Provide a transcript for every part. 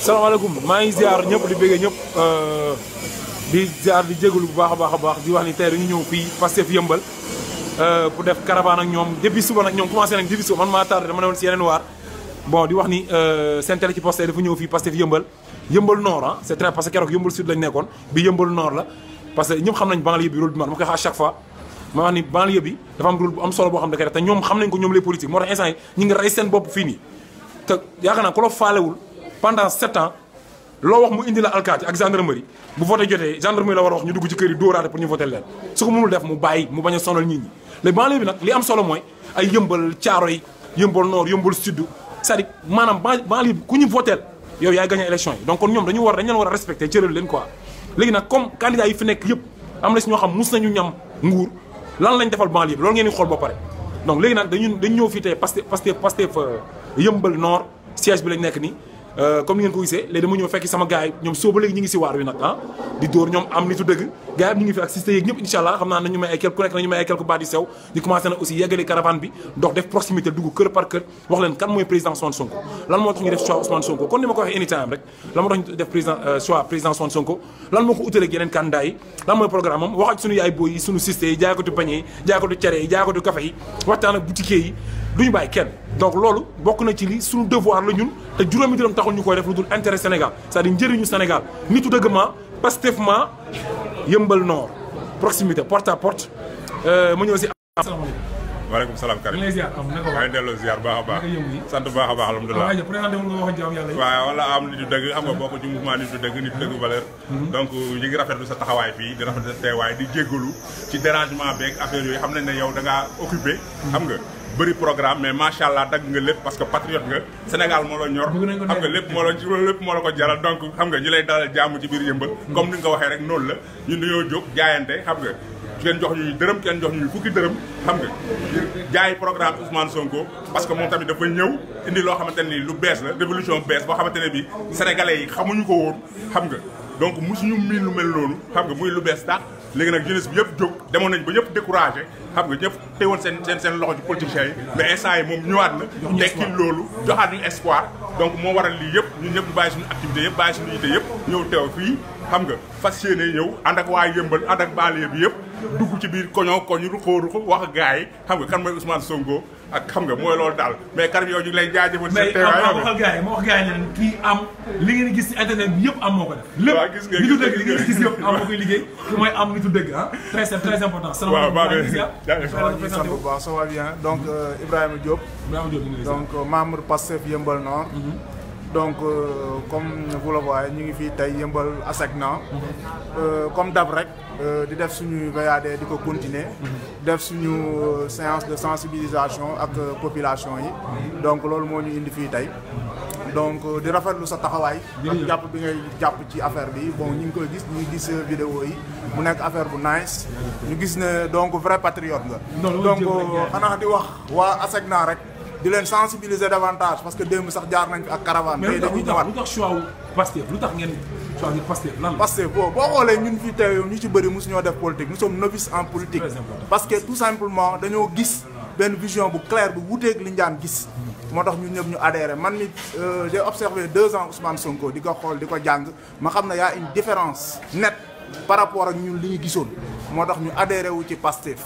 assalamualaikum may ziar ñep di ñep euh di ziar di jéggul bu baax a baax baax di wax ni tay dañu ñëw fi passé fi yëmbal euh pour def caravane ak ñom depuis suba nak ñom commencé nak depuis suba man ma tardé dama néwon ci yenen yeneen waar bon di wax ni euh sen télé ci posté dafa ñëw fi passé fi yëmbal yëmbal nord hein ah, c'est très parce que keroog yëmbal sud lañ nékkon bi yëmbal nord la parce que ñëpp xam nañ banlieue bi rôle du man ma koy wax à chaque fois ma wax ni banlieue bi dafa am rôle bu am solo bo xam ne té ñom xam nañ ko ñom les politiques moo tax instant yi ñu ngi rey seen bopp fii té yaaka na ko lo la wul pendant 7 ans lo wax mu indi la alkaati ak gendarmerie bu voté joté gendarmerie la war wax ñu dugg ci kër yi dóoraate pour ñu voté leen su ko mënul def mu bayyi mu baña sonal nit ñi les banlieue bi nak li am solo mooy ay yëmbal caaro yi yëmbal nord yëmbal sud c'est-à-dire manam banlieue bi ku ñu voté yow yaay gagné élection donc kon ñoom dañu war dañu leen war a respecté leen quoi léegi nak comme candidat yi fi nek yëpp am na si ñoo xam mus nañu ñam nguur lan lañ defal banlieue bi loolu ngeen di xol ba paré donc léegi nak dañu dañ ñëw fii tey Pastef Pastef Pastef euh, yëmbal nord siège bi lañ nek ni Euh, comme ni ngeen ko gisee léegi dama ñëw fekk sama gars yi ñoom soo léegi ñu ngi si waar wi nag ah di dóor ñoom am nitu dëgg gars yi ñu ngi fi ak sisters yeeg ñëpp incha allah xam naa nañu may ay quelque ku nekk nañu may ay quelque baat yu sew ñu commencé na aussi yeggali caravane bi dox def proximité dugg kër par kër wax leen kan mooy président Ousmane Sonko lan moo tax ñu def choix Ousmane Sonko euh, lan moo ko utale ak yeneen candidat yi lan mooy programme am donc lolu bokk ci li devoir la ñun taxul def Sénégal c'est-à-dire Sénégal nitu proximité porte à porte wala am nga ci valeur mhm. donc sa di sa di ci dérangement affaire occupé mhm. bëri programme mais macha allah dagg nga lépp parce que patriote nga Sénégal moo la ñor xam nga lépp moo la lépp moo la ko jaral donc xam nga ñu lay dalal jàmm ci biir yëmbal mm. comme ni nga ko waxee rek noonu la ñun dañoo jóg jaayante xam nga kenn jox ñu dërëm kenn jox ñu fukki dërëm xam nga jaay programme Ousmane Sonko parce que moom tamit dafa ñëw indi loo xamante ni lu bees la révolution bees boo xamante ne bi sénégalais yi xamuñu ko woon xam nga donc mosuñu miin lu mel noonu xam nga muy lu bees tax léegi nag jeunesse bi yëpp jóg demoon nañ ba ñëpp découragé xam nga ñëpp teewoon seen seen seen loxo ci politiciens yi mais instant yi moom ñëwaat na tekki loolu joxaat ñu espoir donc moo waral lii yëpp ñun ñëpp ñu bàyyi suñu activité yëpp bàyyi suñu yite yëpp ñëw teew fii xam nga fas yéene ñëw ànd ak waa yëmbal ànd ak banlieue bi yëpp dugg ci biir koñoo koñ ruqoo ruqoo wax gaay xam nga kan mooy Ousmane Sonko ak xam nga mooy loolu daal mais Karim yoo ñu ngi lay jaajëfal sa teewaay mais waxal gars yi ma wax gars kii am li ngeen gis internet bi yëpp am moo ko def lépp gis nga nitu dëgg li ngeen gis yëpp am moo koy liggéey ki mooy am nitu dëgg ah très très important salaamaaleykum sant bu baax ça va bien donc euh, Ibrahima Diop Ibrahima Diop donc euh, membre Pastef Yeumbeul donc euh, comme vous le voyez ñu ngi fii tey yëmbal ASECNA euh, comme dab rek euh, di def suñu VAD di ko continuer mhm. def suñu séance de sensibilisation ak population yi mhm. donc loolu moo ñu indi fii tay donc di rafetlu sa taxawaay ak jàpp bi ngay jàpp ci affaire bi bon ñu ngi koy gis ñu ngi gis vidéo yi mu nekk affaire bu nice ñu gis ne donc vrai patriote nga donc xanaa di wax waa ASECNA rek de leen sensibiliser davantage parce que démb sax jaar nañ fi ak caravane. mais dañuy ñëwaat lu tax choix wu Pastef lu tax ngeen choisir Pastef lan la. Pastef boo boo xoolee ñun fi politiques ci bëri ñoo def politique nous sommes novices en politique. parce que tout simplement dañoo gis benn vision bu claire bu wuteeg li ñu daan gis. nous tax ñun ñu man euh, j'ai observé deux ans Ousmane Sonko di quoi xool di ko jàng ma xam y a une différence nette par rapport ak ñun li ñu moi donc nous ñu adhéré wu ci Pastef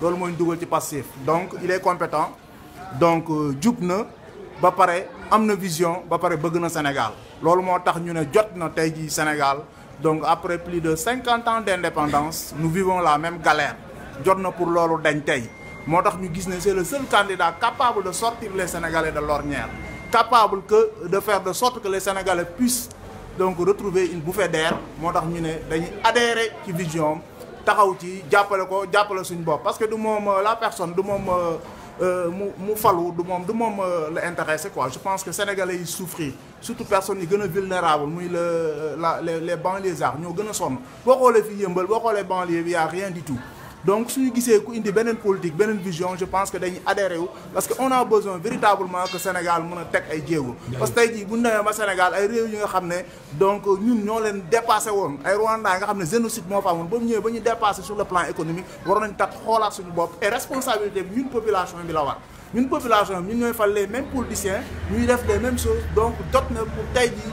loolu mooy ñu ci donc il est compétent donc euh, jub na ba vision ba pare bëgg Sénégal loolu ce ñu ne jot Sénégal donc après plus de 50 ans d'indépendance nous vivons la même galère jot na pour loolu dañ tey moo ñu gis c'est le seul candidat capable de sortir les Sénégalais de l'ornière capable que de faire de sorte que les Sénégalais puissent donc retrouver une bouffée d'air moo tax ñu à dañuy adhérer ci vision taxaw ci jàppale ko le suñu parce que du sommes euh, la personne du euh, euh, mu mu falu du moom du euh, quoi je pense que sénégalais yi souffrir surtout personnes yi gën vulnérables le, euh, la les les banlieues ñoo gën a voilà les filles voilà les banlieues il banlieue y a rien du tout donc si vous avez une politique une vision je pense que vous adhéré parce que on a besoin véritablement que Sénégal mën a teg ay parce que si vous bu un Sénégal ay réew yi nga donc nous, ñoo dépassé woon ay Rwanda nga xam génocide vous fa amoon mu sur le plan économique être un tax xoolaat suñu bopp et responsabilité d'une population bi la war population nous, ñun ñooy fal les mêmes politiciens ñuy def les mêmes choses donc d'autres ne pour tey dire...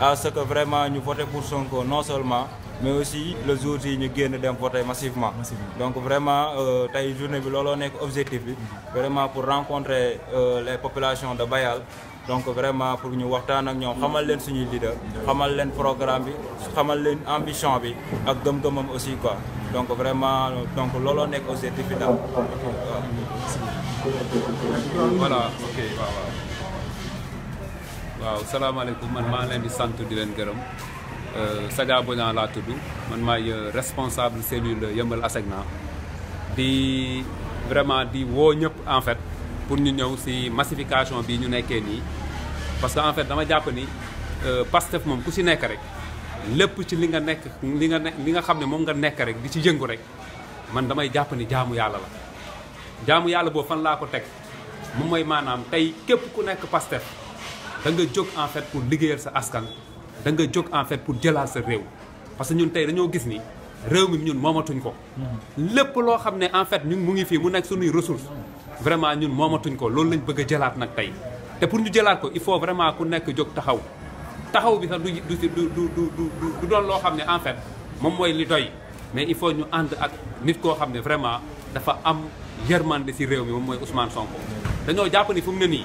à ce que vraiment nous votons pour Sonko non seulement mais aussi le jour où nous gagnons voter massivement. donc vraiment euh, journée objectif vraiment pour rencontrer euh, les populations de Bayal. donc vraiment pour nous voir ak nous, leader. programme ambition bi aussi donc vraiment donc objectif voilà ok waaw salaamaaleykum man maa leen di sant di leen gërëm euh, Sadia Bodian laa tudd man maay euh, responsable cellule Yeumbeul Asegna di vraiment di woo ñëpp en fait pour ñu ñëw si massification bi ñu nekkee nii parce que en dama jàpp ni euh, Pastef moom ku si nekk rek lépp ci li nga nekk li nga ne li nga xam ne moom nga nekk rek di ci yëngu rek man damay jàpp ni jaamu yàlla la jaamu yàlla boo fan laa ko teg moom mooy maanaam tey képp ku nekk Pastef da nga jóg en pour liggéeyal sa askan da nga jóg en fait pour jëlaat sa réew parce que ñun tey dañoo gis ni réew mi ñun moomatuñ ko lépp loo xam ne en fait ñun mu ngi fii mu nekk suñuy ressource vraiment ñun moomatuñ ko loolu lañ bëgg jëlaat nag tey te pour ñu jëlaat ko il faut vraiment ku nekk jóg taxaw taxaw bi sax du du du du doon loo xam ne en fait moom mooy li doy mais il faut ñu ànd ak nit koo xam ne vraiment dafa am yërmande si réew mi moom mooy Ousmane dañoo jàpp ni nii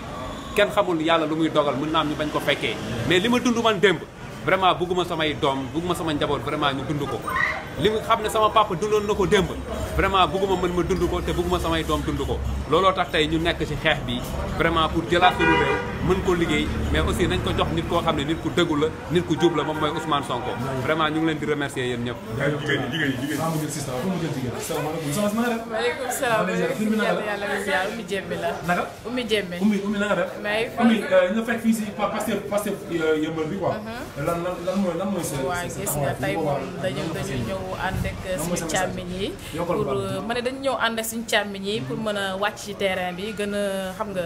kenn xamul yàlla lu muy dogal mun naa am ñu bañ ko fekkee mais li ma dund man démb vraiment bugguma samay doom bugguma sama njaboot vraiment ñu dund ko li nga xam ne sama papa dundoon na ko démb vraiment bëgguma mën ma dund ko te bëgguma samay doom dund ko looloo tax tey ñu nekk ci xeex bi vraiment pour jëlaat suñu réew mën ko liggéey mais aussi nañ ko jox nit koo xam ne nit ko dëggu la nit ku jub la moom mooy Ousmane Sonko vraiment ñu leen di remercier yéen ñëpp. jigéen ñi jigéen ñi jigéen ñi. maaleykum salaam. maaleykum ñëw ànd ak suñu càmmiñ yi pour euh, ma ne dañ ñëw ànd ak suñu càmmiñ yi pour mën a wàcc ci terrain bi gën a xam nga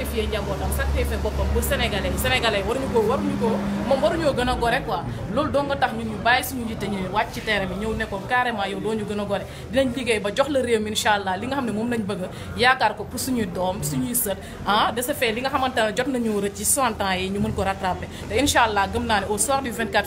sacrifier njabootam sacrifier boppam ba sénégalais yi sénégalais waruñu ko waruñu ko moom waruñoo gën a gore quoi loolu doo nga tax ñu bàyyi suñu yitte ñu wàcc ci terrain bi nekkoon carrément yow doo ñu gën a gore dinañ liggéey ba jox la réew mi incha allah li nga xam ne moom lañ bëgg yaakaar ko pour suñuy doom suñuy sët ah de ce fait li nga xamante ne jot nañu rëcc ci 60 yi ñu mën ko rattraper te incha allah gëm naa ne au soir du 24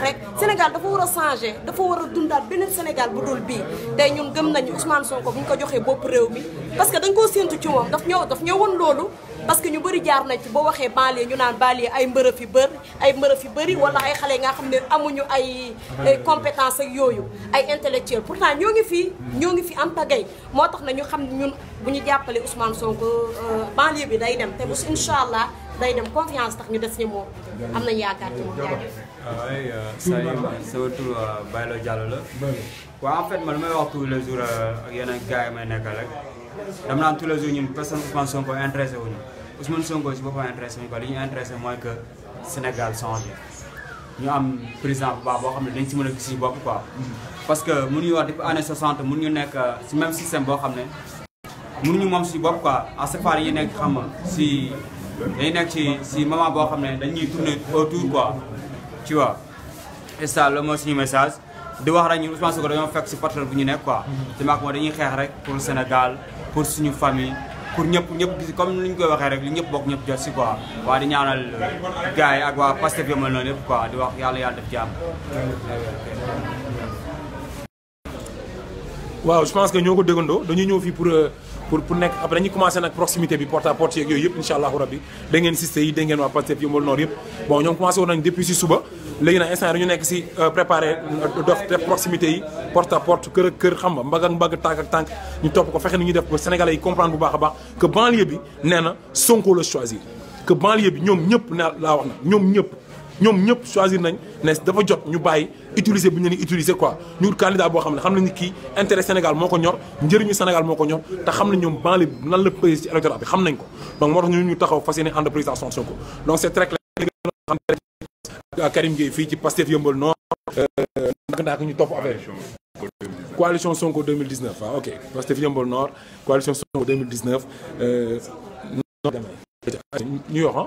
rek Sénégal dafa wara changer dafa wara a benen Sénégal bu dul bii tey ñun gëm nañu Ousmane Sonko buñ ko joxé bopp réew mi parce que dañ ko sentu ci moom daf ñëw daf ñëw woon loolu parce que ñu bari jaar na ci bo waxé banlieue ñu naan banlieue ay mbeureuf yu bëri ay mbeureuf yu bëri wala ay xalé nga xamné amuñu ay compétences ak yoyu ay intellectuel pourtant ñoo ngi fii ñoo ngi fi am pagay motax na ñu xam ñun buñu jappalé Ousmane Sonko euh, banlieue bi day dem té bu inshallah day dem confiance tax ñu des ni mo am nañ yaakaar ci mo jaajëf oui Seydou sama tur Baylo Diallo la. waaw en fait man may wax tous les jours euh, ak yeneen gars yi may nekkal rek dama naan tous les jours ñun personne Ousmane Sonko intéressé wuñu Ousmane Sonko si boppam intéressé wuñu quoi li ñu que Sénégal changé ñu am président bu baax boo xam ne dañ si mën gis suñu bopp quoi. Mm-hmm. parce que mënuñu wax depuis année 60 mënuñu nekk euh, si même système boo xam ne mënuñu moom suñu bopp quoi à ce phare yi nekk xam si dañu nekk ci si moment boo xam ne dañuy tourner autour quoi. tu vois et ça la mooy suñu message di wax rek ñun Ousmane Sonko dañoo fekk si partenaire bu ñu nekk quoi te maak moom dañuy xeex rek pour Sénégal pour suñu famille pour ñëpp ñëpp gis comme ni ñu koy waxee rek li ñëpp bokk ñëpp jot si quoi waa di ñaanal gars yi ak waa Pastef yomal noonu yëpp quoi di wax yàlla yàlla def jàmm waaw je pense que ñoo ko déggandoo dañuy ñëw fii pour euh, pour pour nek après dañuy proximité bi porte à porte ak yoy yëpp inshallah rabbi da ngeen siste yi da ngeen Nord bon ñom commencé won nañ depuis ci suba légui instant euh, préparé la euh, proximité yi porte à porte kër kër xam nga mbagg ak mbagg ak tank ñu top ko fexé ni def ba sénégalais yi comprendre bu baaxa baax que banlieue bi néna Sonko le choisir que banlieue bi ñom ñëpp na wax ñom ñëpp choisir nañ né dafa jot ñu bay utiliser bu ñu leen utiliser quoi ñu candidat bo xam ne xam nañ ni ki intérêt Sénégal moko ko ñor njëriñu Sénégal moko ñor te xam nañ ñoom ban nan la pays ci électorat bi xam nañ ko donc mo tax ñu ñu taxaw fas entreprise ànd Sonko donc c'est très clair Karim Gueye fi ci Pastef yëmbal noor euh, ndax ndax ñu top affaire coalition Sonko 2019 waaw ah, ok Pastef yëmbal nord coalition Sonko 2019 euh ñu wax hein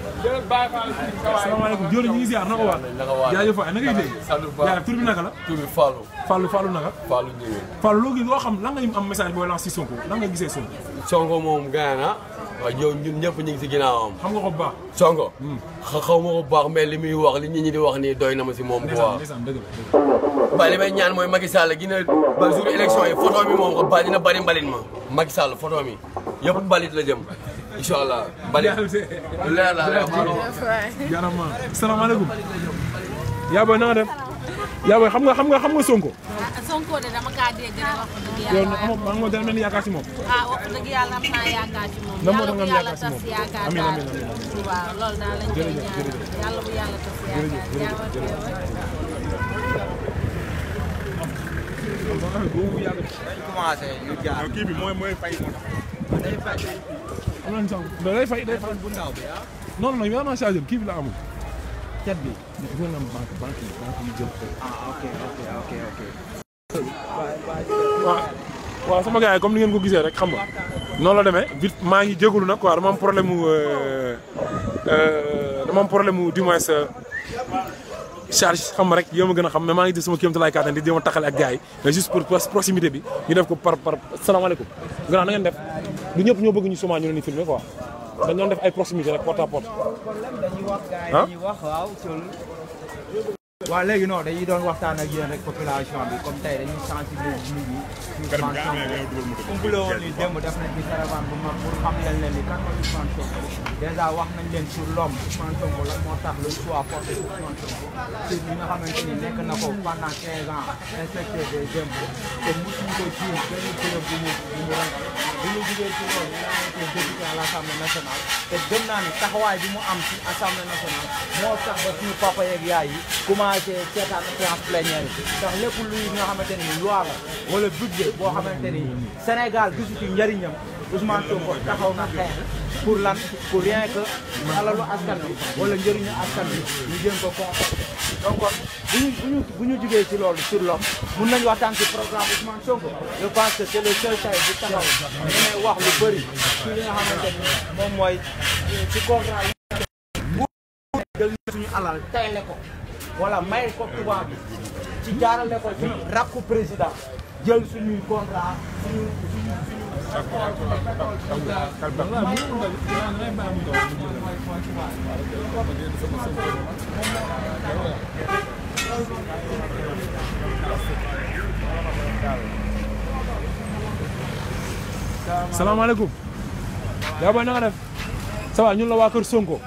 asalaamaaleykum jërëjëf ñu ngi ziar na ko waat jaajëf waay na ngay dégg jaajëf tur bi naka la tur bi Fallou Fallou Fallou naka Fallou Ndiéwé Fallou loo xam lan nga am message booy lancé si Sonko lan nga gisee Sonko Sonko moom gaañ na waaw yow ñun ñëpp ñu ngi si ginnaawam xam nga ko baax Sonko hmm. xaw ma ko baax li muy wax li nit ñi di wax nii doy na ma si moom quoi waaw li may ñaan mooy Macky Sall gi na ba jour élection yi photo mi moom ko ma Macky Sall mi yëpp mbalit la jëm incha allah bari leer la jarama salaamaaleykum yaa booy na nga def yaa booy xam nga xam nga xam nga Sonko ah, Sonko de dama kaa dégg rek wax dëgg yàlla yow maa ngi mel ni yaakaar si moom ah wax dëgg yàlla am naa yaakaar si moom lan moo tax nga am yaakaar si moom amiin amiin amiin waaw loolu daal lañ koy ñaan yàlla bu yàlla tas yaakaar bu yàlla commencé ñu jaar kii bi mooy mooy fay moo tax am na day fay day fay bu ndaw bi non non yow maa am banque banque waaw waaw sama gars yi comme ni ngeen ko gisee rek xam nga noonu la demee vite maa ngi jégalu nag quoi dama problème mu euh, euh, dama am problème mu du moins euh, charge xam nga rek yow ma gën a xam mais maa ngi def sama kéem tolluwaay kàttan di jéem a taxale ak gars yi mais juste pour proximité bi ñu def ko par par salaamaaleykum. grand na ngeen def. du ñëpp ñoo bëgg ñu souvent ñu leen di filmer quoi dañ doon def ay proximité rek porte à porte. waaw léegi non dañuy doon waxtaan ak yéen rek population bi comme tey dañuy sensibiliser nit ñi. kër bi nga woon def nañ leen ne ni kan mooy Ousmane Sonko dèjà wax moo tax le choix porté sur Ousmane Sonko ci ñi nga xamante ni nekk na ko pendant 15 ans inspecteur des impôts te mosuñu ko jiw benn kërëm bu mu bu mu rënd bu ñu jugee ci loolu ñu naan député à assemblée nationale te gëm naa ne taxawaay bi mu am ci assemblée nationale moo tax ba suñu papa yeeg yaay yi commencé seetaan séance plénière yi ndax lépp luy nga xamante ni loi la wala budget boo xamante ni Sénégal gisu ci njëriñam Ousmane Sonko taxaw na xeex pour lan pour rien que alalu askan bi wala njëriñu askan bi ñu jëm ko conforté bu ñu bu jugee ci loolu sur l'homme mun nañu waxtaan ci programme Ousmane Sonko je pense que c'est le seul tay bu taxaw ñu ne wax lu bëri ci li xamante ni moom mooy ci contrat yi jël na alal tayle ko wala may ko tubaab bi ci jaarale ko ci rakku président yaa booy na def. ça va ñun la waa kër Sonko.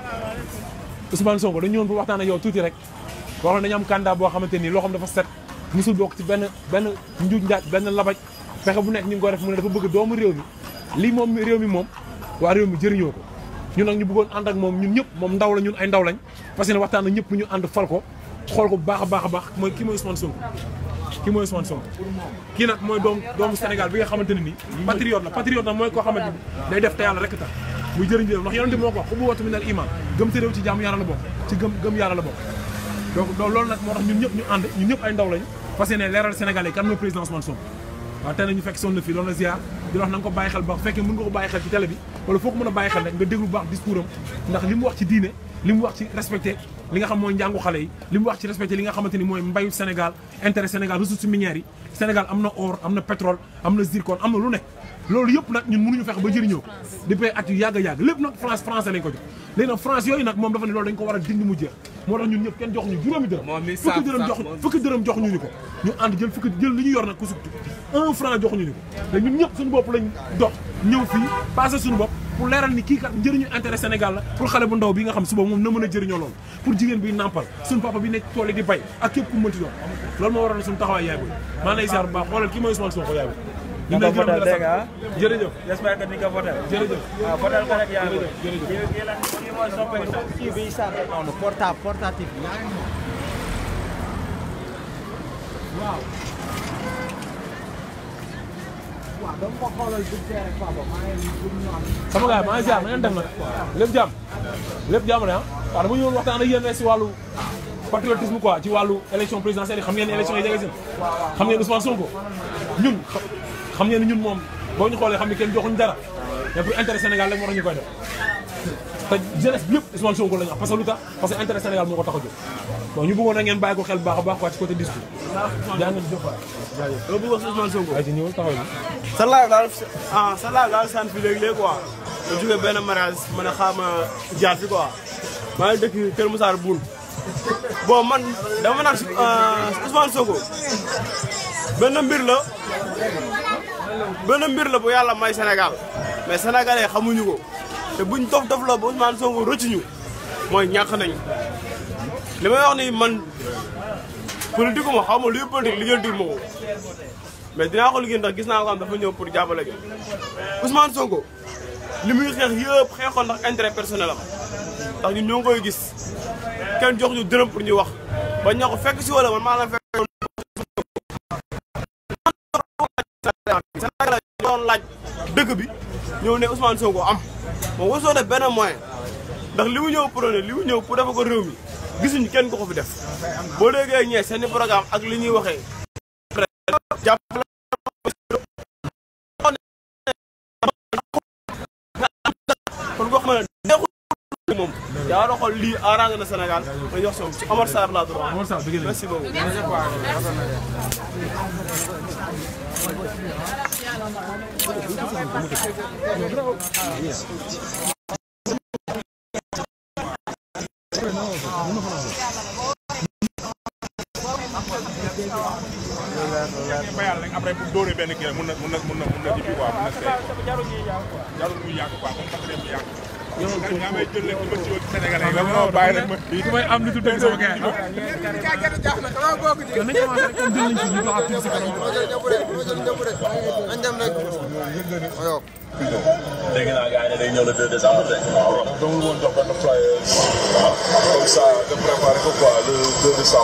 Ousmane Sonko dañu ñëwoon waxtaan ak yow tuuti rek. boo hanya ne dañu am candidat boo xamante dapat dafa set musul bokk ci benn benn njuuj njaaj benn labaj fexe bu nekk ñu ngi ko def mu ne dafa bëgg doomu réew mi lii moom réew mi moom waa réew mi jëriñoo ko ñun nag ñu bëggoon ànd ak moom ñun ñëpp moom ndaw la ñun ay ndaw lañ parce que waxtaan na ñëpp ñu ànd fal ko xool ko bu baax a baax a baax mooy kii mooy Ousmane Sonko kii mooy Ousmane Sonko Sénégal bi nga patriote la patriote day def te rek tax muy jëriñ réew ndax yonente moo wax xubu watu iman gëm te réew ci jàmm yàlla la ci gëm gëm donc loolu nag moo tax ñun ñëpp ñu ànd ñun ñëpp ay ndaw lañu parce que leeral Sénégalais kan mooy président Ousmane Sonko waaw tey nañu fekk sonn na fi la ziar di wax na nga ko bàyyi xel ba fekkee mën nga ko bàyyi xel ci télé bi wala foo ko mën a bàyyi xel rek nga déglu baax discours am ndax li mu wax ci diine li mu wax ci respecté li nga xam mooy njàngu xale yi li mu wax ci respecté li nga xamante ni mooy mbayu Sénégal intérêt Sénégal ressources minières yi Sénégal am na or am na pétrole am na zircon am na lu nekk loolu yep nak ñun mënuñu fex ba jëriñoo di depuis at yu yag yag lepp nak nag France français lañ ko jox léegi France yoy nak mom dafa ni loolu dañ ko wara dindi mu jeex mo tax ñun ñep kenn jox ñu juróomi dërëm fukki dërëm jox fukk dërëm jox ñu ñu ko ñu and jël fukk jël li ñu yor nak ku sukti 1 franc jox ñu ñu ko da ñun ñep suñu bop lañ dox ñew fi passé suñu bop pour leeral ni ki kat jëriñu intérêt Sénégal la pour xalé bu ndaw bi nga xam suba mom na mëna a lool pour jigen bi nampal suñu papa bi nekk tool di bay ak képp ku mënti do lool mo waral suñu taxaway yaay bu maa lay ziar bu baax xoolal kii mooy Sonko yaay bu ñu ngi lay gërëm di la sant jërëjëf. j'espère que ni nga voté. jërëjëf waaw ah, voté ko rek yaa ngi koy. jërëjëf kii mooy soppeeku sax kii bi sànni noonu portable portatif waaw. waaw dama ko xoolal bu tey rek papa maa ngi sama gars maa ngi ziar ma ngeen def nag lépp jàmm lépp jàmm na ah waaw dama ñëwoon waxtaan ak yéen si wàllu patriotisme quoi ci wàllu élection présidentielle yi xam ngeen élection yi jege si xam ngeen Ousmane Sonko ñun xam ngeen ñun moom boo ñu xoolee xam ne kenn joxuñ dara mais pour intérêt Sénégal rek moo tax ñu koy def te jeunesse bi yëpp Ousmane Sonko la ñu wax parce que parce que intérêt Sénégal moo ko tax a jóg bon ñu bëggoon na ngeen bàyyi ko xel a baax quoi ci côté discours jaa ngeen jëf waay jaajëf ay ci ñëw taxaw na sant fi léegi léegi quoi ma benn mariage mën a xaama jaar fi quoi maa ngi dëkk Kër Moussa Boun bon man dama naan ah, Ousmane Sonko benn mbir la benn mbir la bu yàlla may senegal mais sénégalais xamuñu ko te buñ dof dof la ba Ousmane Sonko rëccuñu mooy ñàkk nañu li may wax ni man politique ma xaw ma luy politique lijjanti ma ko mais dinaa lu liggéey ndax gis naa ko am dafa ñëw pour jàppale ñu Ousmane Sonko li muy xeex yëpp xeexoon ndax intérêt personnel am ndax ñu ñoo ngi koy gis kenn jox ñu dërëm pour ñu wax ba ña fekk si wala man maa la fekk dëkk bi ñëw ne Ousmane Sonko am moom wasoo def benn moyen ndax li mu ñëw prôné li mu ñëw pour dafa ko réew mi gisuñu kenn ko ko fi def boo déggee ñee seeni programme ak li ñuy waxee jàppale kon koo xam ne neexul moom yaa war a xool lii arrangé na Sénégal ma jox soom ci Omar Sarr laa droit merci beaucoup bayal rek après bu dóoree benn kii rek mun na mun na mun na mun na ji bi quoi mun na seey quoi jarul muy yàgg quoi moom parce que day yàgg waaw bàyyi rek ma su may am lu tudd dëgg sama gars dégg naa gars yi day ñëw le 2 décembre de. waaw dama woon jox benn flyer comme ça nga préparé ko quoi le 2 décembre.